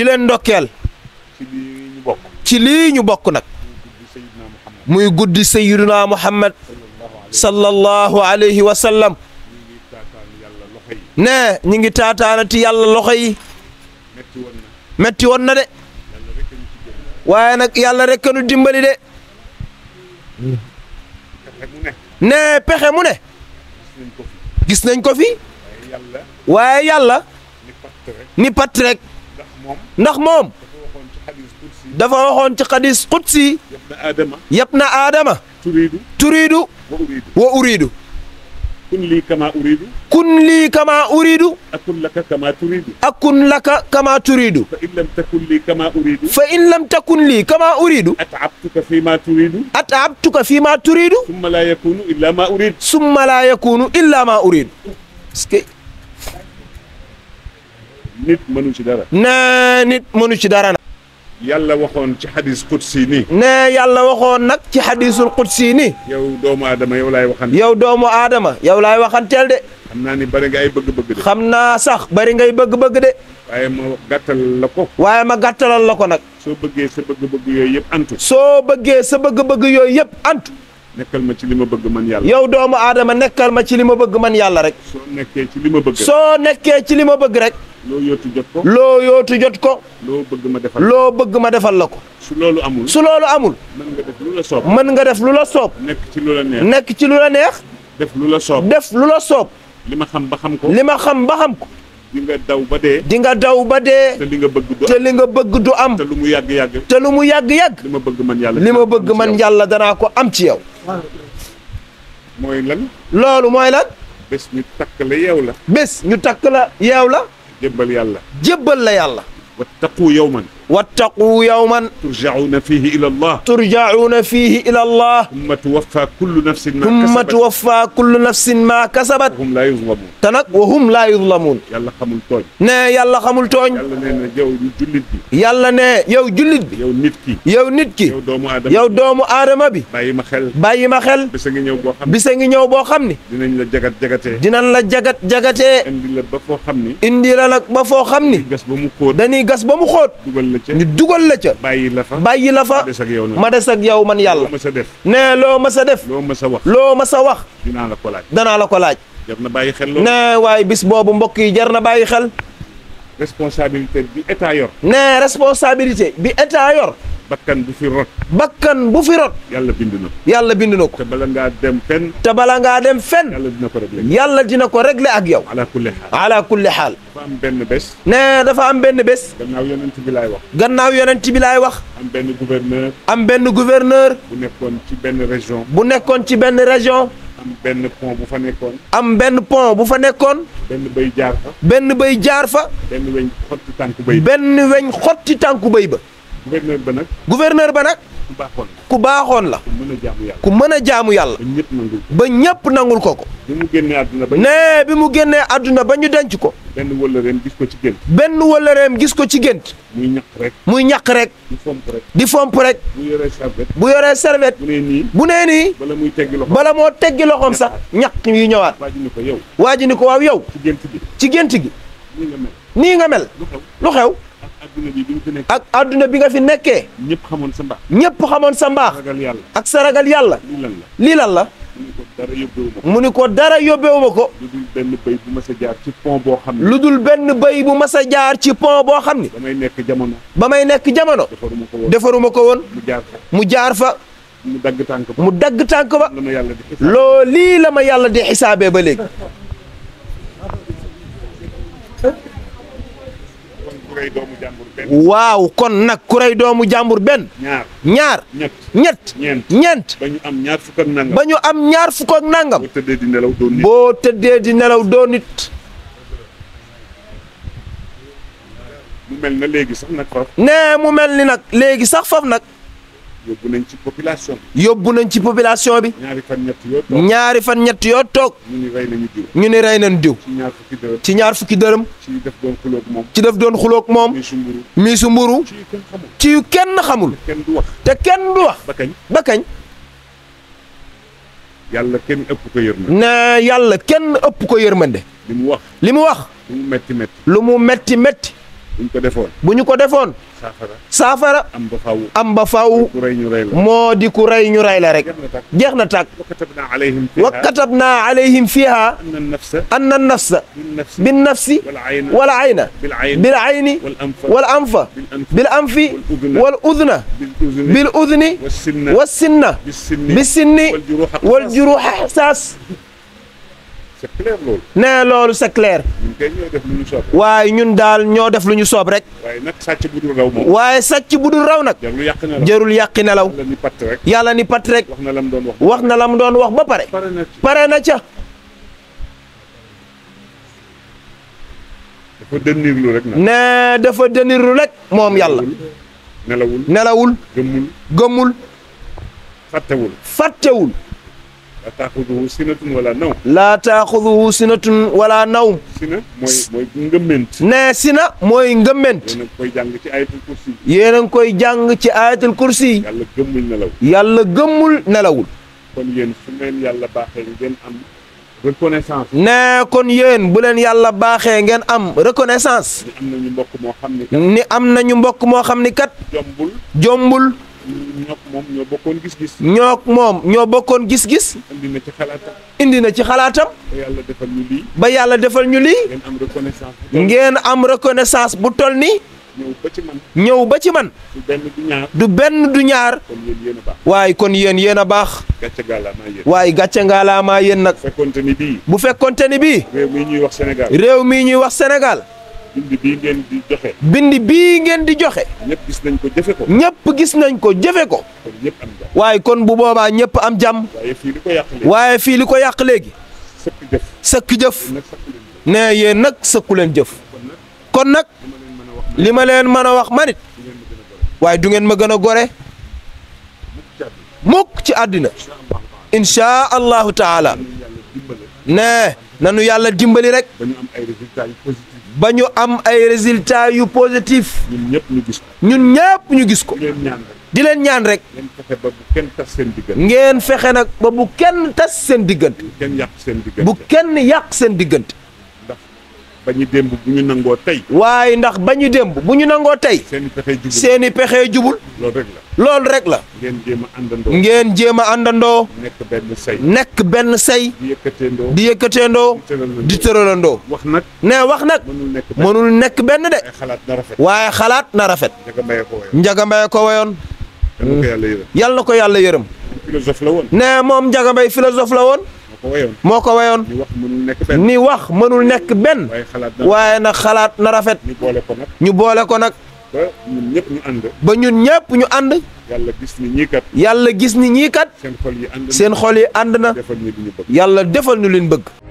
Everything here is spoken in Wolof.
di leen ndokkeel ci lii ñu bokk nag muy guddi sayyiduna muhammad sallallahu alayhi wa sallam nee ñi ngi taataanati yàlla loxo yi metti woon de waaye nag yàlla rek nu dimbali de nee pexe mu ne gis nañ ko fi waaye yàlla ni patt rek ndax moom dafa waxoon ci xadis qudsi yab na aadama turiidu wa uriidu kun lii kamaa uriidu kun lii kamaa uriidu akun laka kamaa turiidu akun laka kamaa turiidu fa in lam takun lii kamaa uriidu fa in lam takun lii kamaa uriidu at'abtuka fii maa turiidu at'abtuka fii maa turiidu summa laa yakunu illaa maa uriidu summa laa yakunu illaa maa uriidu nit mënu ci dara. nee nit mënu ci dara nag. yàlla waxoon ci xadis qudsi nii. nee yàlla waxoon nag ci xadisul qudsi nii. yow doomu aadama yow laay waxanteel. yow doomu aadama yow laay waxanteel de. xam naa ni bari nga bëgg-bëgg xam naa sax bari ngay bëgg-bëgg de. waaye ko. waaye ma gàttalal la ko nag. soo bëggee sa bëgg-bëgg yooyu yëpp antu. soo bëggee sa bëgg-bëgg yooyu yëpp ant nekkal ma ci li ma bëgg man yàlla. yow doomu aadama nekkal ma ci li ma bëgg man yàlla rek. soo nekkee ci li ma bëgg. soo li ma bëgg rek. loo yootu jot ko. loo yootu jot ko. bëgg ma defal loo bëgg ma defal la ko. su loolu amul su loolu amul. mën nga def lu la soob. nga def lu la soob. nekk ci lu la neex nekk ci lu def lu la soob def lu la soob. li ma xam ba xam ko li ma xam ba xam ko. di daw ba dee. di nga daw ba dee. te li nga bëgg du am te nga bëgg du am. lu mu yàgg yàgg. te lu mu yàgg yàgg. li ma bëgg man yàlla li ma bëgg man yàlla danaa ko am ci yow. mooy loolu mooy lan. bés ñu takk la yeew la. bés ñu takk la yeew la. jébbal yàlla jébbal la yàlla wattaqu yawman wattaquu yawman turjacuuna fiihi ila allah turjacuuna fiihi ila allah summa tuwaffaa kullu nafsin ma kasabat summa tuwaffaa kullu nafsin ma kasabat wahum laa yuzlamuun te nag wahum laa yuzlamuun yàlla xamul tooñ ne yàlla xamul tooñ yàlla ne yow jullit bi yàlla ne yow jullit bi yow nit ki yow nit ki yow doomu aadama bi bàyyi ma xel bàyyi ma xel bisa ngi ñëw boo xam bisa ngi ñëw boo xam ni dinañ la jagat jagatee dinañ la jagat jagatee indi la ba foo xam ni indi la nag ba foo xam ni dañuy gas ba mu xóot dugal la ñu dugal la ca. bàyyi la fa bàyyi la fa. ma des ak yow man yàlla. loo ma sa def. loo ma sa wax loo ma sa wax. dinaa la ko laaj danaa la ko laaj. jar na bàyyi xel loolu ne waaye bis boobu mbokk yi jar na bàyyi xel. responsabilité bi état yor. ne responsabilité bi état bakkan bu fi rot. bakkan bu fi rot. yàlla bind na ko. yàlla bind ko. te bala ngaa dem fenn. te bala ngaa dem fenn. yàlla dina ko réglé. yàlla dina ko réglé ak yow. ala kulli xaal ala xaal. am benn bés. nee dafa am benn bés. gannaaw yonent bi laay wax. gannaaw yonent bi laay wax. am benn gouverneur. am benn gouverneur. bu nekkoon ci benn région. bu nekkoon ci benn région. am benn pont bu fa nekkoon. am benn pont bu fa nekkoon. benn béy jaar fa. benn béy jaar fa. benn weñ xotti tànku béy ba. benn weñ xotti tànku ba. gouverneur ba nag. gouverneur ba nag. ku baaxoon la ku baaxoon la. ku mën a jaamu yàlla ku mën a jaamu yàlla. ba ñëpp nangul ba ñëpp nangul ko ko. bi mu génnee àdduna ba. nee bi mu génnee àdduna ba ñu denc ko. benn wëllëreem gis ko ci gént. benn wëllëreem gis ko ci gént. muy ñaq rek. muy ñaq rek. di fomp rek. di fomp rek. bu yoree serviette. bu yoree serviette. bu nii. bu nee nii. bala muy teggi loxoom bala moo teggi loxoom sax. ñaq yu ñëwaat. waaj ni ko yow. waaj ni ko waaw yow. ci gént gi ci gént gi. nii nga mel. lu xew ak adduna bi nga fi nekkee. ñëpp xamoon sa mbaax. ñëpp xamoon sa mbaax. ak saragal ragal yàlla. lii lan la. mu ni ko dara yóbbeewuma ko. lu dul benn béy bu mas jaar ci pont boo xam ne. lu dul benn béy bu mas a jaar ci pont boo xam ne. ba may nekk jamono. ba nekk jamono. defaruma ko woon defaruma ko woon. mu jaar fa mu dagg tànk ba mu dagg tànk ba. loolu lii la ma yàlla di xisaabee ba léegi. waaw kon nag ku doomu jàmbur benn. ñaar ñaar. ñett ñeent ba ñu am ñaar fukk ak nangam am ñaar fukk ak nangam. boo tëddee di nelaw doo boo tëddee di nelaw doo mel na léegi sax nag nee mu mel ni nag léegi sax faf nag. yóbbu nañ ci population bi. yóbbu nañ ci population bi. ñaari fan ñett yoo toog ñaari fan ñett yoo toog. ñu ni rey nañu diw. ñu ni rey nañu diw. ci ñaar fukki dërëm. ci def doon xuloog moom. ci def doon xuloog moom. miisu mburu miisu mburu. ci yu kenn xamul. te kenn du wax. te kenn du wax. ba kañ ba kañ. yàlla kenn ëpp ko yërmande. na yàlla kenn ëpp ko yërmande. li mu wax. li mu wax. lu mu lu mu metti metti. bu ñu ko defoon bu ñu ko defoon. saafara saafara. am ba faaw am ba faaw. moo di ku rey ñu rey la rek. jeex na tàkk wa katabnaa alayhim fiihaa anna nafsa bin nafsi wal ayna bil ayni wal anfa bil anfi wal udna bil udni was sinna bis sinni wal juruuxa qisaas c'est clair loolu. nee loolu c'est ñu soob. waaye ñun daal ñoo def lu ñu soob rek. waaye nag sàcc bu dul raw waaye sàcc bu dul raw nag. jarul yàq nelaw jarul yàq nelaw. yàlla ni pat rek. yàlla ni pat wax na la mu doon wax. wax na la mu wax ba pare. pare na ca na ca. dafa dënirlu rek. nee dafa dënirlu rek. moom yàlla. nelawul nelawul. gëmmul gëmmul. fàttewul fàttewul. laa taaxuduhu sinatun wala nawm. laa taaxuduhu sinatun wala nawm. sina mooy ngëmment. nee sina mooy ngëmment. yéen a koy jàng ci ayatul kursi. yéen a ngi koy jàng ci ayatul kursi. yàlla gëmmul nelawul. yàlla gëmmul nelawul. kon yéen yàlla baaxee ngeen am reconnaissance. nee kon yéen bu leen yàlla baaxee ngeen am reconnaissance. ni am nañu mbokk moo xam ni kat. ni am nañu mbokk moo xam ni kat. jombul jombul. ñook moom ñoo bokkoon gis-gis. ñook moom ñoo bokkoon gis-gis. indi na ci xalaatam. na ci xalaatam. ba yàlla defal ñu lii. ba yàlla defal ñu lii. ngeen am reconnaissance. ngeen am bu toll ni ñëw ba ci man. ñëw du benn du ñaar. du kon yéen yéen a baax. waaye kon yéen gàcce ngaalaamaa yéen. waaye gàcce ngaalaamaa yéen nag. bu fekkonte ni bu fekkonte ni bii. réew mii ñuy wax senegal réew ñuy wax Sénégal. bind bii ngeen di joxe. bind ngeen di joxe. gis nañ ko jëfe ko. gis nañ ko jëfe ko. waaye kon bu boobaa ñëpp am jàmm. waaye fii li ko yàq léegi. waaye fii li ko yàq léegi. sëkk jëf. nee yéen nag sëkku leen jëf. kon nag li ma leen mën a wax manit waaye du ngeen ma gën a gore. mukk ci àddina. incha allahu taala. nee nanu yàlla dimbali rek. ba am ay résultats ba ñu am ay résultats yu positif. ñun ñëpp ñu gis ko. ñun ñëpp ñu gis ko. di leen ñaan rek. ngeen fexe kenn tas seen diggante. ngeen fexe nag ba bu kenn tas seen diggante. bu yàq seen diggante. bu kenn yàq seen diggante. bañu démb bu ñu nangoo tey. waaye ndax bañu démb bu ñu nangoo tey. seen i pexe jubul seen i pexe jubul. loolu rek la rek la. ngeen jéem a àndandoo. ngeen jéem a àndandoo. nekk benn say. nekk benn say. di yëkkateendoo di yëkkateendoo. di tëralandoo wax nag. nee wax nag. mënul nekk benn de. waaye xalaat na rafet. njaga mbaye ko wayoon njaga mbaye ko wayoon. yal na ko yàlla yërëm. yal la woon. nee moom njaga mbay la woon. moo ko wayoon ni wax mënul nekk benn waaye na xalaat na rafet ñu boole ko nag ba ñun ñëpp ñu ànd. ba ñun ñëpp ñu ànd. yàlla gis ni ñii kat. yàlla gis ni ñii kat. seen xol yi ànd na seen xol ànd na. yàlla defal ñu li bëgg.